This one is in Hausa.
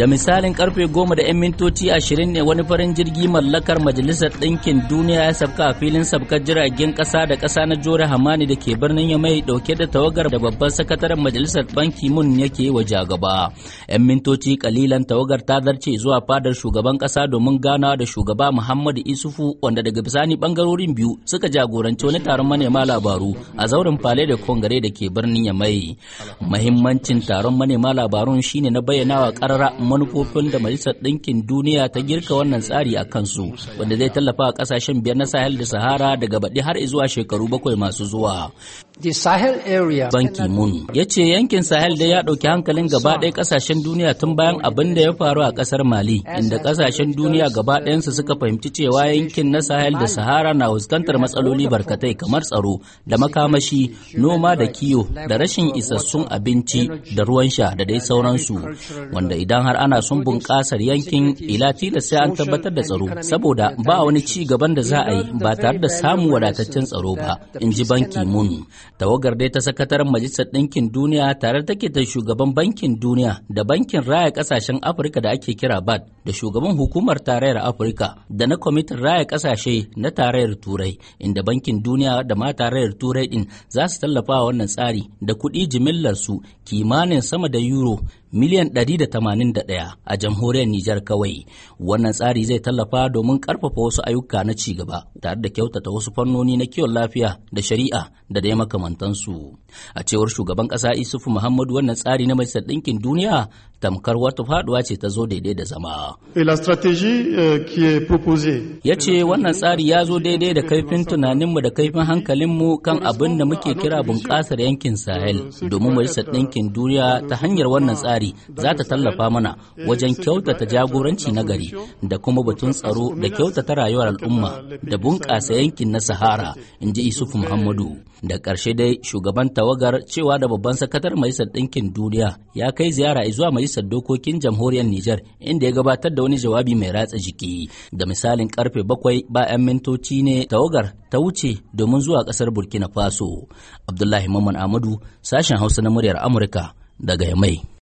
da misalin karfe goma da 'yan mintoci ashirin ne wani farin jirgi mallakar majalisar ɗinkin duniya ya sabka a filin sabkar jiragen ƙasa da ƙasa na jore hamani da ke birnin yamai dauke da tawagar da babban sakataren majalisar banki mun yake wa jagaba 'yan mintoci kalilan tawagar ta zarce zuwa fadar shugaban ƙasa domin ganawa da shugaba muhammadu isufu wanda daga bisani bangarorin biyu suka jagoranci wani taron manema labaru a zauren fale da kongare da ke birnin yamai mahimmancin taron manema labarun shine na bayyana wa ƙarara manufofin da majalisar ɗinkin duniya ta girka wannan tsari a kansu wanda zai tallafa a ƙasashen biyar na sahel da sahara daga baɗi har zuwa shekaru bakwai masu zuwa Ban Ki-moon ya ce yankin Sahel dai ya ɗauki hankalin gaba ɗaya ƙasashen duniya tun bayan abin da ya faru a ƙasar Mali, inda ƙasashen duniya gaba ɗayansu suka fahimci cewa yankin na Sahel da Sahara na fuskantar matsaloli barkatai kamar tsaro da makamashi, noma da kiyo da rashin isassun abinci da ruwan sha da dai sauransu, wanda idan har ana sun bunƙasar yankin ila tila sai an tabbatar da tsaro, saboda ba wani ci gaban da za a yi ba tare da samun wadataccen tsaro ba, in ji Ban Ki-moon. tawagar dai ta sakataren majalisar ɗinkin duniya tare take ta shugaban bankin duniya da bankin raya ƙasashen afirka da ake kira bad da shugaban hukumar tarayyar afirka da na kwamitin raya ƙasashe na tarayyar turai inda bankin duniya da ma tarayyar turai din za su tallafa wannan tsari da kuɗi jimillar su kimanin sama da euro miliyan 181 a jamhuriyar Nijar kawai. Wannan tsari zai tallafa domin karfafa wasu ayyuka na ci gaba tare da kyautata wasu fannoni na kiwon lafiya da shari'a da dai makamantansu. A cewar shugaban ƙasa Isufu Muhammadu wannan tsari na Majalisar Ɗinkin Duniya tamkar wata faduwa ce ta zo daidai da zama. Euh, ya ce wannan tsari ya zo daidai da kaifin tunaninmu da kaifin hankalinmu kan abin da muke kira bunƙasar yankin Sahel domin Majalisar Ɗinkin Duniya ta hanyar wannan tsari Buhari za ta tallafa mana wajen kyautata jagoranci na gari da kuma batun tsaro da kyautata rayuwar al'umma da bunƙasa yankin na Sahara, in ji Isufu Muhammadu. Da ƙarshe dai shugaban tawagar cewa da babban sakatar Majalisar Ɗinkin Duniya ya kai ziyara zuwa Majalisar Dokokin Jamhuriyar Nijar inda ya gabatar da wani jawabi mai ratsa jiki. Da misalin karfe bakwai bayan mintoci ne tawagar ta wuce domin zuwa ƙasar Burkina Faso. Abdullahi muhammad Amadu, sashen Hausa na muryar Amurka daga Yamai.